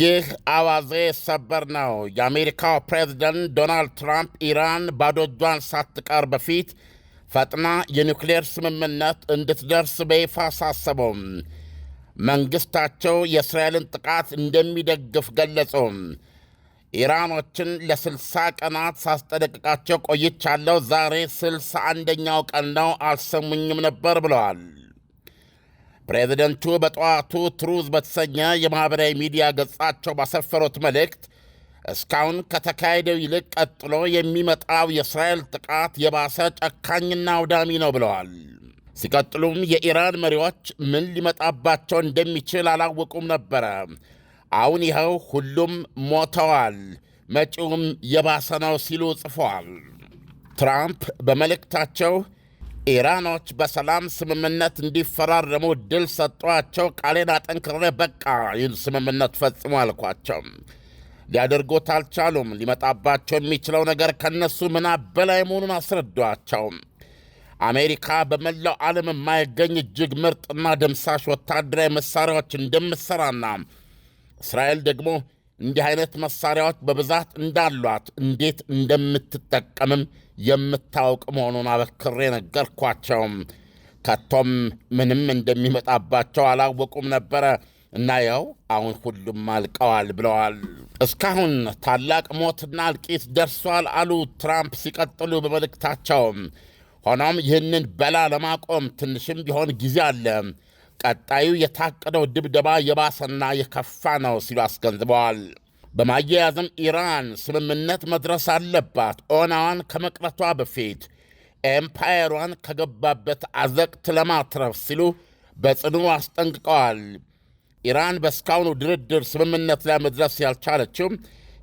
ይህ አዋዜ ሰበር ነው። የአሜሪካው ፕሬዝደንት ዶናልድ ትራምፕ ኢራን ባዶ እጇን ሳትቀር በፊት ፈጥና የኒውክሌር ስምምነት እንድትደርስ በይፋ አሳሰበው። መንግሥታቸው የእስራኤልን ጥቃት እንደሚደግፍ ገለጹም። ኢራኖችን ለስልሳ ቀናት ሳስጠነቅቃቸው ቆይቻለሁ። ዛሬ ስልሳ አንደኛው ቀን ነው፣ አልሰሙኝም ነበር ብለዋል። ፕሬዚደንቱ በጠዋቱ ትሩዝ በተሰኘ የማኅበራዊ ሚዲያ ገጻቸው ባሰፈሩት መልእክት እስካሁን ከተካሄደው ይልቅ ቀጥሎ የሚመጣው የእስራኤል ጥቃት የባሰ ጨካኝና አውዳሚ ነው ብለዋል። ሲቀጥሉም የኢራን መሪዎች ምን ሊመጣባቸው እንደሚችል አላወቁም ነበረ አሁን ይኸው ሁሉም ሞተዋል፣ መጪውም የባሰ ነው ሲሉ ጽፈዋል። ትራምፕ በመልእክታቸው ኢራኖች በሰላም ስምምነት እንዲፈራረሙ ድል ሰጧቸው። ቃሌን አጠንክሬ በቃ ይህን ስምምነት ፈጽሞ አልኳቸው። ሊያደርጉት አልቻሉም። ሊመጣባቸው የሚችለው ነገር ከነሱ ምናብ በላይ መሆኑን አስረዷቸው። አሜሪካ በመላው ዓለም የማይገኝ እጅግ ምርጥና ደምሳሽ ወታደራዊ መሣሪያዎች እንደምሠራና እስራኤል ደግሞ እንዲህ አይነት መሳሪያዎች በብዛት እንዳሏት እንዴት እንደምትጠቀምም የምታውቅ መሆኑን አበክሬ ነገርኳቸውም። ከቶም ምንም እንደሚመጣባቸው አላወቁም ነበረ እና ያው አሁን ሁሉም አልቀዋል ብለዋል። እስካሁን ታላቅ ሞትና እልቂት ደርሷል አሉ ትራምፕ ሲቀጥሉ በመልእክታቸው። ሆኖም ይህንን በላ ለማቆም ትንሽም ቢሆን ጊዜ አለ። ቀጣዩ የታቀደው ድብደባ የባሰና የከፋ ነው ሲሉ አስገንዝበዋል። በማያያዝም ኢራን ስምምነት መድረስ አለባት፣ ኦናዋን ከመቅረቷ በፊት ኤምፓየሯን ከገባበት አዘቅት ለማትረፍ ሲሉ በጽኑ አስጠንቅቀዋል። ኢራን በእስካሁኑ ድርድር ስምምነት ላይ መድረስ ያልቻለችው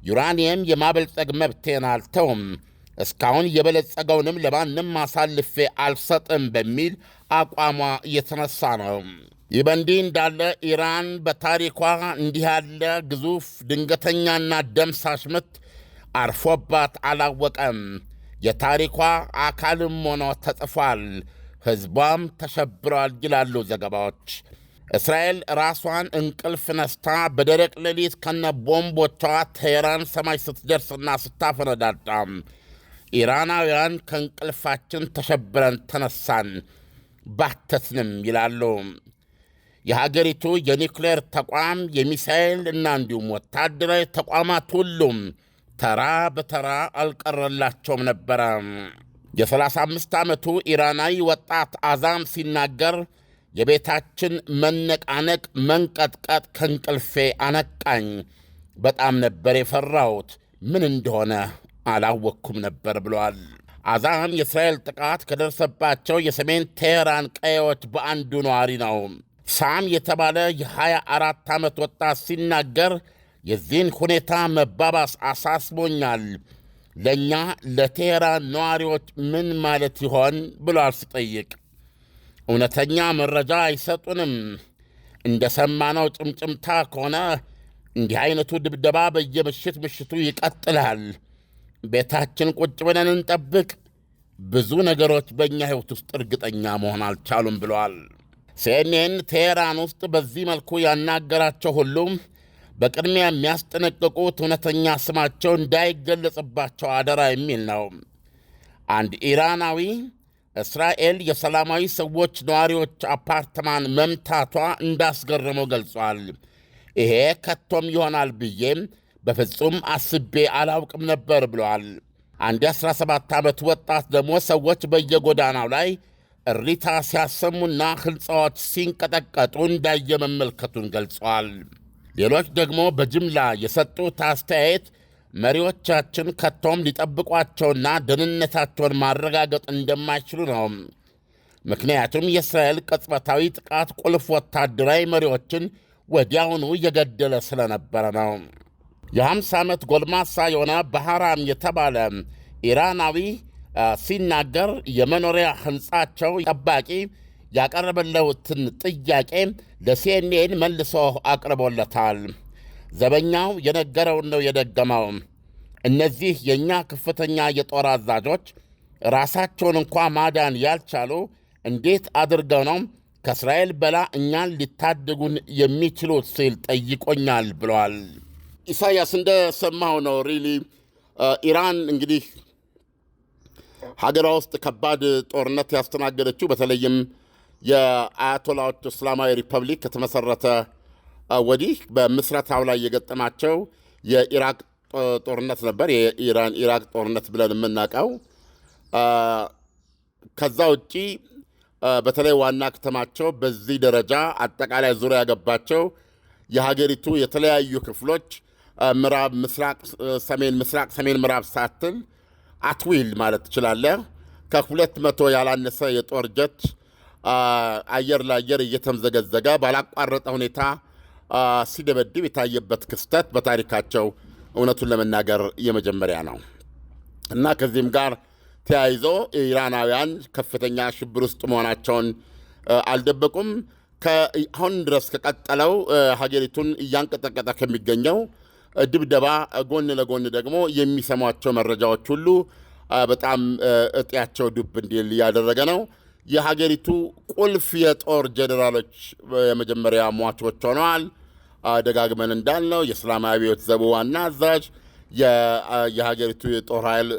ዩራኒየም የማበልጸግ መብቴን አልተውም እስካሁን የበለጸገውንም ለማንም አሳልፌ አልሰጥም በሚል አቋሟ እየተነሳ ነው። ይህ በእንዲህ እንዳለ ኢራን በታሪኳ እንዲህ ያለ ግዙፍ ድንገተኛና ደምሳሽ ምት አርፎባት አላወቀም። የታሪኳ አካልም ሆኖ ተጽፏል። ሕዝቧም ተሸብረዋል ይላሉ ዘገባዎች። እስራኤል ራሷን እንቅልፍ ነስታ በደረቅ ሌሊት ከነ ቦምቦቿ ቴሄራን ሰማይ ስትደርስና ስታፈነዳዳ ኢራናውያን ከእንቅልፋችን ተሸብረን ተነሳን ባተትንም ይላሉ። የሀገሪቱ የኒውክሌር ተቋም የሚሳኤል እና እንዲሁም ወታደራዊ ተቋማት ሁሉም ተራ በተራ አልቀረላቸውም ነበረ። የ35 ዓመቱ ኢራናዊ ወጣት አዛም ሲናገር የቤታችን መነቃነቅ፣ መንቀጥቀጥ ከእንቅልፌ አነቃኝ። በጣም ነበር የፈራሁት ምን እንደሆነ አላወቅኩም ነበር ብለዋል። አዛም የእስራኤል ጥቃት ከደረሰባቸው የሰሜን ቴሄራን ቀዬዎች በአንዱ ነዋሪ ነው። ሳም የተባለ የ24 ዓመት ወጣት ሲናገር የዚህን ሁኔታ መባባስ አሳስቦኛል፣ ለእኛ ለቴሄራን ነዋሪዎች ምን ማለት ይሆን ብሏል ሲጠይቅ እውነተኛ መረጃ አይሰጡንም። እንደ ሰማነው ጭምጭምታ ከሆነ እንዲህ አይነቱ ድብደባ በየምሽት ምሽቱ ይቀጥላል። ቤታችን ቁጭ ብለን እንጠብቅ፣ ብዙ ነገሮች በእኛ ሕይወት ውስጥ እርግጠኛ መሆን አልቻሉም ብለዋል። ሲኤንኤን ቴሄራን ውስጥ በዚህ መልኩ ያናገራቸው ሁሉም በቅድሚያ የሚያስጠነቅቁት እውነተኛ ስማቸው እንዳይገለጽባቸው አደራ የሚል ነው። አንድ ኢራናዊ እስራኤል የሰላማዊ ሰዎች ነዋሪዎች አፓርትማን መምታቷ እንዳስገረመው ገልጿል። ይሄ ከቶም ይሆናል ብዬም በፍጹም አስቤ አላውቅም ነበር ብለዋል። አንድ የ17 ዓመት ወጣት ደግሞ ሰዎች በየጎዳናው ላይ እሪታ ሲያሰሙና ሕንፃዎች ሲንቀጠቀጡ እንዳየ መመልከቱን ገልጸዋል። ሌሎች ደግሞ በጅምላ የሰጡት አስተያየት መሪዎቻችን ከቶም ሊጠብቋቸውና ደህንነታቸውን ማረጋገጥ እንደማይችሉ ነው። ምክንያቱም የእስራኤል ቅጽበታዊ ጥቃት ቁልፍ ወታደራዊ መሪዎችን ወዲያውኑ የገደለ ስለነበረ ነው። የ50 ዓመት ጎልማሳ የሆነ ባህራም የተባለ ኢራናዊ ሲናገር የመኖሪያ ሕንፃቸው ጠባቂ ያቀረበለትን ጥያቄ ለሲኤንኤን መልሶ አቅርቦለታል። ዘበኛው የነገረውን ነው የደገመው። እነዚህ የእኛ ከፍተኛ የጦር አዛዦች ራሳቸውን እንኳ ማዳን ያልቻሉ እንዴት አድርገው ነው ከእስራኤል በላ እኛን ሊታደጉን የሚችሉት ሲል ጠይቆኛል ብሏል። ኢሳያስ እንደሰማው ነው። ሪሊ ኢራን እንግዲህ ሀገሯ ውስጥ ከባድ ጦርነት ያስተናገደችው በተለይም የአያቶላዎች እስላማዊ ሪፐብሊክ ከተመሰረተ ወዲህ በምስረታው ላይ የገጠማቸው የኢራቅ ጦርነት ነበር፣ የኢራን ኢራቅ ጦርነት ብለን የምናውቀው። ከዛ ውጪ በተለይ ዋና ከተማቸው በዚህ ደረጃ አጠቃላይ ዙሪያ ያገባቸው የሀገሪቱ የተለያዩ ክፍሎች ምዕራብ፣ ምስራቅ፣ ሰሜን ምስራቅ፣ ሰሜን ምዕራብ ሳትል አትዊል ማለት ትችላለህ። ከሁለት መቶ ያላነሰ የጦር ጀት አየር ለአየር እየተምዘገዘገ ባላቋረጠ ሁኔታ ሲደበድብ የታየበት ክስተት በታሪካቸው እውነቱን ለመናገር የመጀመሪያ ነው እና ከዚህም ጋር ተያይዞ ኢራናውያን ከፍተኛ ሽብር ውስጥ መሆናቸውን አልደበቁም። አሁን ድረስ ከቀጠለው ሀገሪቱን እያንቀጠቀጠ ከሚገኘው ድብደባ ጎን ለጎን ደግሞ የሚሰሟቸው መረጃዎች ሁሉ በጣም እጤያቸው ዱብ እንዲል እያደረገ ነው። የሀገሪቱ ቁልፍ የጦር ጀኔራሎች የመጀመሪያ ሟቾች ሆነዋል። ደጋግመን እንዳልነው የእስላማዊ አብዮት ዘቡ ዋና አዛዥ፣ የሀገሪቱ የጦር ኃይል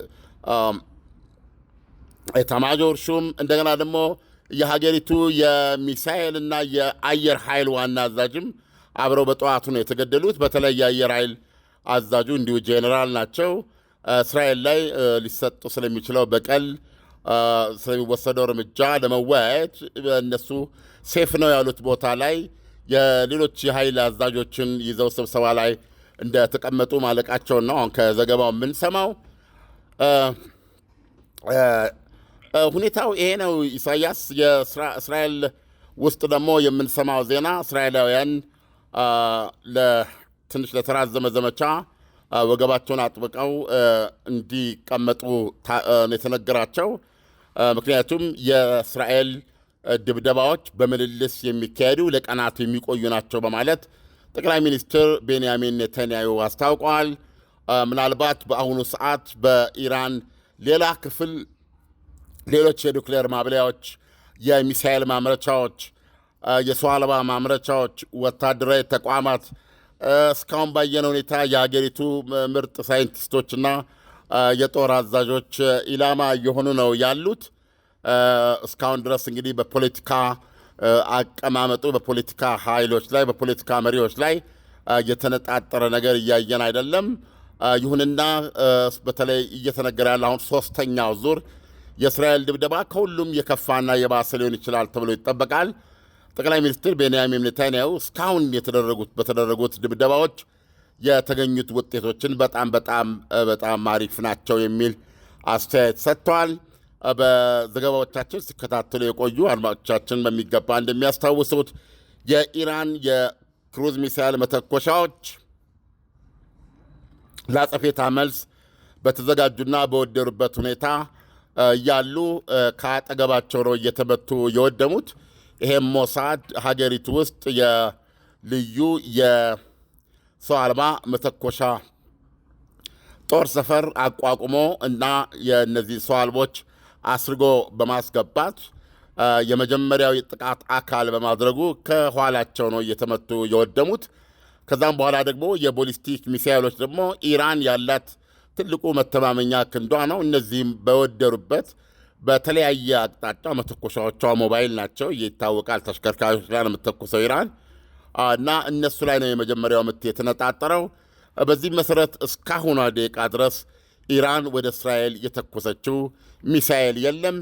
ኤታማዦር ሹም፣ እንደገና ደግሞ የሀገሪቱ የሚሳኤል እና የአየር ኃይል ዋና አዛዥም አብረው በጠዋቱ ነው የተገደሉት። በተለይ የአየር ኃይል አዛዡ እንዲሁ ጄኔራል ናቸው። እስራኤል ላይ ሊሰጡ ስለሚችለው በቀል ስለሚወሰደው እርምጃ ለመወያየት እነሱ ሴፍ ነው ያሉት ቦታ ላይ የሌሎች የኃይል አዛዦችን ይዘው ስብሰባ ላይ እንደተቀመጡ ማለቃቸውን ነው አሁን ከዘገባው የምንሰማው። ሁኔታው ይሄ ነው ኢሳያስ። የእስራኤል ውስጥ ደግሞ የምንሰማው ዜና እስራኤላውያን ትንሽ ለተራዘመ ዘመቻ ወገባቸውን አጥብቀው እንዲቀመጡ የተነገራቸው። ምክንያቱም የእስራኤል ድብደባዎች በምልልስ የሚካሄዱ ለቀናት የሚቆዩ ናቸው በማለት ጠቅላይ ሚኒስትር ቤንያሚን ኔታንያሁ አስታውቀዋል። ምናልባት በአሁኑ ሰዓት በኢራን ሌላ ክፍል ሌሎች የኒውክሌር ማብለያዎች፣ የሚሳኤል ማምረቻዎች የሰው አልባ ማምረቻዎች፣ ወታደራዊ ተቋማት እስካሁን ባየነ ሁኔታ የሀገሪቱ ምርጥ ሳይንቲስቶችና የጦር አዛዦች ኢላማ እየሆኑ ነው ያሉት። እስካሁን ድረስ እንግዲህ በፖለቲካ አቀማመጡ በፖለቲካ ኃይሎች ላይ በፖለቲካ መሪዎች ላይ የተነጣጠረ ነገር እያየን አይደለም። ይሁንና በተለይ እየተነገረ ያለ አሁን ሶስተኛው ዙር የእስራኤል ድብደባ ከሁሉም የከፋና የባሰ ሊሆን ይችላል ተብሎ ይጠበቃል። ጠቅላይ ሚኒስትር ቤንያሚን ኔታንያሁ እስካሁን የተደረጉት በተደረጉት ድብደባዎች የተገኙት ውጤቶችን በጣም በጣም በጣም አሪፍ ናቸው የሚል አስተያየት ሰጥተዋል። በዘገባዎቻችን ሲከታተሉ የቆዩ አድማጮቻችን በሚገባ እንደሚያስታውሱት የኢራን የክሩዝ ሚሳይል መተኮሻዎች ለአጸፋ መልስ በተዘጋጁና በወደሩበት ሁኔታ እያሉ ከአጠገባቸው ነው እየተመቱ የወደሙት። ይሄ ሞሳድ ሀገሪቱ ውስጥ የልዩ የሰው አልባ መተኮሻ ጦር ሰፈር አቋቁሞ እና የእነዚህ ሰው አልቦች አስርጎ በማስገባት የመጀመሪያው የጥቃት አካል በማድረጉ ከኋላቸው ነው እየተመቱ የወደሙት። ከዛም በኋላ ደግሞ የቦሊስቲክ ሚሳይሎች ደግሞ ኢራን ያላት ትልቁ መተማመኛ ክንዷ ነው። እነዚህም በወደሩበት በተለያየ አቅጣጫ መተኮሻዎቿ ሞባይል ናቸው፣ ይታወቃል። ተሽከርካሪዎች ላይ ነው የምትተኩሰው ኢራን እና እነሱ ላይ ነው የመጀመሪያው ምት የተነጣጠረው። በዚህ መሰረት እስካሁኗ ደቂቃ ድረስ ኢራን ወደ እስራኤል የተኮሰችው ሚሳኤል የለም።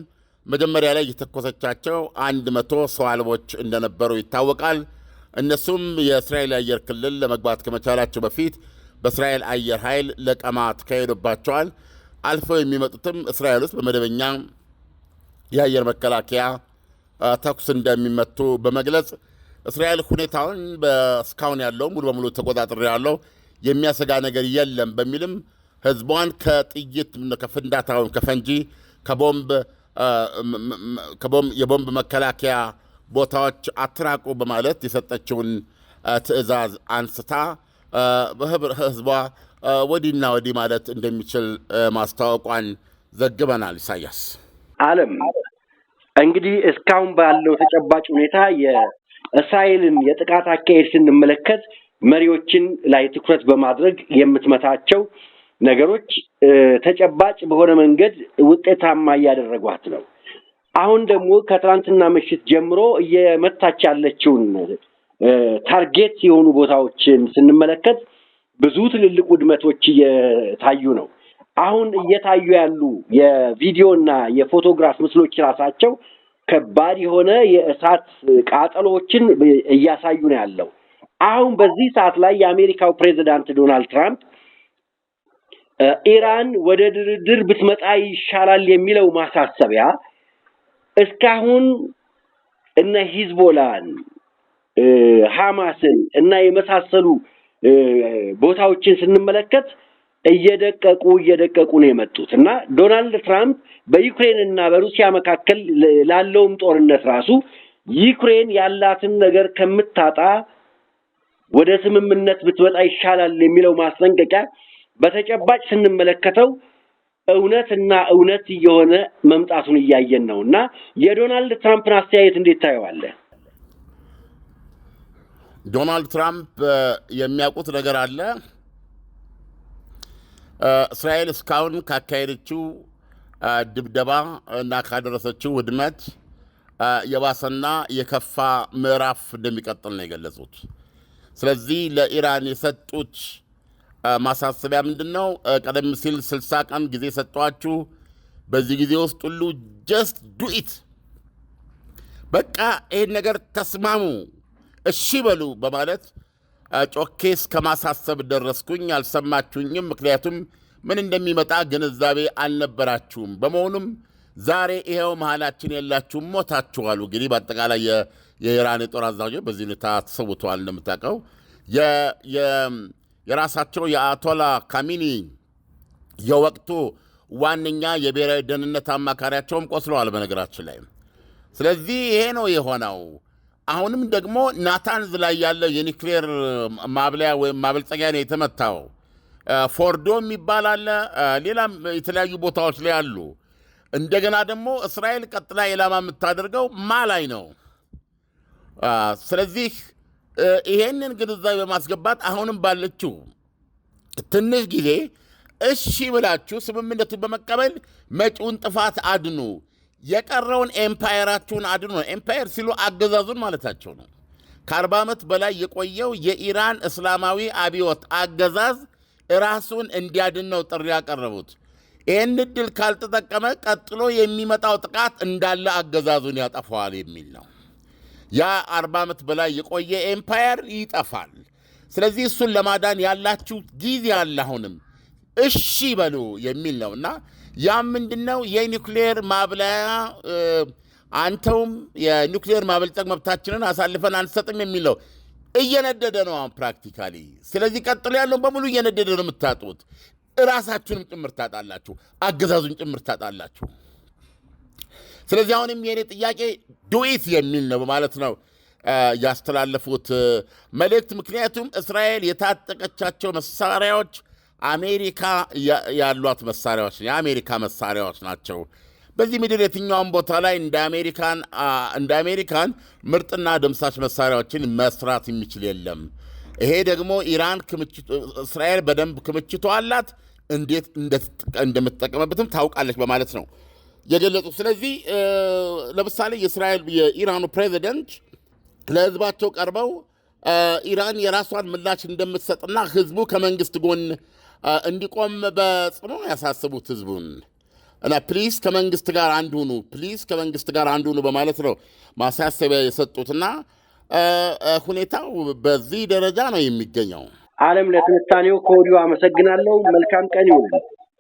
መጀመሪያ ላይ የተኮሰቻቸው አንድ መቶ ሰው አልቦች እንደነበሩ ይታወቃል። እነሱም የእስራኤል አየር ክልል ለመግባት ከመቻላቸው በፊት በእስራኤል አየር ኃይል ለቀማ ተካሄዶባቸዋል። አልፈው የሚመጡትም እስራኤል ውስጥ በመደበኛ የአየር መከላከያ ተኩስ እንደሚመቱ በመግለጽ እስራኤል ሁኔታውን እስካሁን ያለው ሙሉ በሙሉ ተቆጣጥሮ ያለው የሚያሰጋ ነገር የለም በሚልም ህዝቧን ከጥይት ወይም ከፈንጂ ከቦምብ የቦምብ መከላከያ ቦታዎች አትራቁ በማለት የሰጠችውን ትዕዛዝ አንስታ ህዝቧ ወዲና ወዲህ ማለት እንደሚችል ማስታወቋን ዘግበናል። ኢሳያስ አለም እንግዲህ እስካሁን ባለው ተጨባጭ ሁኔታ የእስራኤልን የጥቃት አካሄድ ስንመለከት መሪዎችን ላይ ትኩረት በማድረግ የምትመታቸው ነገሮች ተጨባጭ በሆነ መንገድ ውጤታማ እያደረጓት ነው። አሁን ደግሞ ከትናንትና ምሽት ጀምሮ እየመታች ያለችውን ታርጌት የሆኑ ቦታዎችን ስንመለከት ብዙ ትልልቅ ውድመቶች እየታዩ ነው። አሁን እየታዩ ያሉ የቪዲዮና የፎቶግራፍ ምስሎች ራሳቸው ከባድ የሆነ የእሳት ቃጠሎዎችን እያሳዩ ነው ያለው። አሁን በዚህ ሰዓት ላይ የአሜሪካው ፕሬዚዳንት ዶናልድ ትራምፕ ኢራን ወደ ድርድር ብትመጣ ይሻላል የሚለው ማሳሰቢያ እስካሁን እነ ሂዝቦላን፣ ሃማስን እና የመሳሰሉ ቦታዎችን ስንመለከት እየደቀቁ እየደቀቁ ነው የመጡት እና ዶናልድ ትራምፕ በዩክሬን እና በሩሲያ መካከል ላለውም ጦርነት ራሱ ዩክሬን ያላትን ነገር ከምታጣ ወደ ስምምነት ብትመጣ ይሻላል የሚለው ማስጠንቀቂያ በተጨባጭ ስንመለከተው እውነት እና እውነት እየሆነ መምጣቱን እያየን ነው እና የዶናልድ ትራምፕን አስተያየት እንዴት ታየዋለህ? ዶናልድ ትራምፕ የሚያውቁት ነገር አለ እስራኤል እስካሁን ካካሄደችው ድብደባ እና ካደረሰችው ውድመት የባሰና የከፋ ምዕራፍ እንደሚቀጥል ነው የገለጹት። ስለዚህ ለኢራን የሰጡት ማሳሰቢያ ምንድን ነው? ቀደም ሲል ስልሳ ቀን ጊዜ ሰጠኋችሁ፣ በዚህ ጊዜ ውስጥ ሁሉ ጀስት ዱኢት በቃ ይህን ነገር ተስማሙ፣ እሺ በሉ በማለት ጮኬ እስከ ማሳሰብ ደረስኩኝ። አልሰማችሁኝም፣ ምክንያቱም ምን እንደሚመጣ ግንዛቤ አልነበራችሁም። በመሆኑም ዛሬ ይኸው መሃላችን የላችሁም፣ ሞታችኋል። እንግዲህ በአጠቃላይ የኢራን የጦር አዛዦች በዚህ ሁኔታ ተሰውተዋል። እንደምታውቀው የራሳቸው የአያቶላ ካሚኒ የወቅቱ ዋነኛ የብሔራዊ ደህንነት አማካሪያቸውም ቆስለዋል፣ በነገራችን ላይ። ስለዚህ ይሄ ነው የሆነው። አሁንም ደግሞ ናታንዝ ላይ ያለ የኒክሌር ማብለያ ወይም ማበልጸጊያ ነው የተመታው። ፎርዶ የሚባል አለ፣ ሌላም የተለያዩ ቦታዎች ላይ አሉ። እንደገና ደግሞ እስራኤል ቀጥላ ኢላማ የምታደርገው ማ ላይ ነው? ስለዚህ ይሄንን ግንዛቤ በማስገባት አሁንም ባለችው ትንሽ ጊዜ እሺ ብላችሁ ስምምነቱን በመቀበል መጪውን ጥፋት አድኑ። የቀረውን ኤምፓየራችሁን አድኖ ኤምፓየር ሲሉ አገዛዙን ማለታቸው ነው። ከአርባ ዓመት በላይ የቆየው የኢራን እስላማዊ አብዮት አገዛዝ ራሱን እንዲያድን ነው ጥሪ ያቀረቡት። ይህን እድል ካልተጠቀመ ቀጥሎ የሚመጣው ጥቃት እንዳለ አገዛዙን ያጠፋዋል የሚል ነው። ያ አርባ ዓመት በላይ የቆየ ኤምፓየር ይጠፋል። ስለዚህ እሱን ለማዳን ያላችሁ ጊዜ አለ፣ አሁንም እሺ በሉ የሚል ነው እና ምንድን ምንድነው የኒውክሌር ማብላያ አንተውም የኒውክሌር ማበልጸግ መብታችንን አሳልፈን አንሰጥም የሚለው እየነደደ ነው አሁን ፕራክቲካሊ። ስለዚህ ቀጥሎ ያለውን በሙሉ እየነደደ ነው የምታጡት። እራሳችሁንም ጭምር ታጣላችሁ፣ አገዛዙን ጭምር ታጣላችሁ። ስለዚህ አሁንም የእኔ ጥያቄ ዱኢት የሚል ነው ማለት ነው ያስተላለፉት መልእክት። ምክንያቱም እስራኤል የታጠቀቻቸው መሳሪያዎች አሜሪካ ያሏት መሳሪያዎች የአሜሪካ መሳሪያዎች ናቸው። በዚህ ምድር የትኛውም ቦታ ላይ እንደ አሜሪካን ምርጥና ደምሳሽ መሳሪያዎችን መስራት የሚችል የለም። ይሄ ደግሞ ኢራን እስራኤል በደንብ ክምችቶ አላት፣ እንዴት እንደምትጠቀመበትም ታውቃለች በማለት ነው የገለጹት። ስለዚህ ለምሳሌ የእስራኤል የኢራኑ ፕሬዚደንት ለህዝባቸው ቀርበው ኢራን የራሷን ምላሽ እንደምትሰጥና ህዝቡ ከመንግስት ጎን እንዲቆም በጽኑ ያሳስቡት ህዝቡን እና ፕሊስ ከመንግስት ጋር አንድ ሁኑ፣ ፕሊስ ከመንግስት ጋር አንድ ሁኑ በማለት ነው ማሳሰቢያ የሰጡትና ሁኔታው በዚህ ደረጃ ነው የሚገኘው። ዓለም ለትንታኔው ከወዲሁ አመሰግናለሁ። መልካም ቀን ይሁን።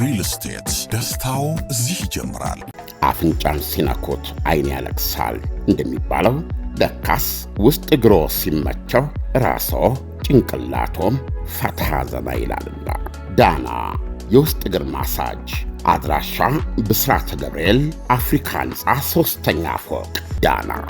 ሪል ስቴት ደስታው እዚህ ይጀምራል። አፍንጫን ሲነኩት አይን ያለቅሳል እንደሚባለው ደካስ ውስጥ እግሮ ሲመቸው ራሶ ጭንቅላቶም ፈታ ዘና ይላልና ዳና የውስጥ እግር ማሳጅ አድራሻ ብስራተ ገብርኤል አፍሪካ ህንፃ ሦስተኛ ፎቅ ዳና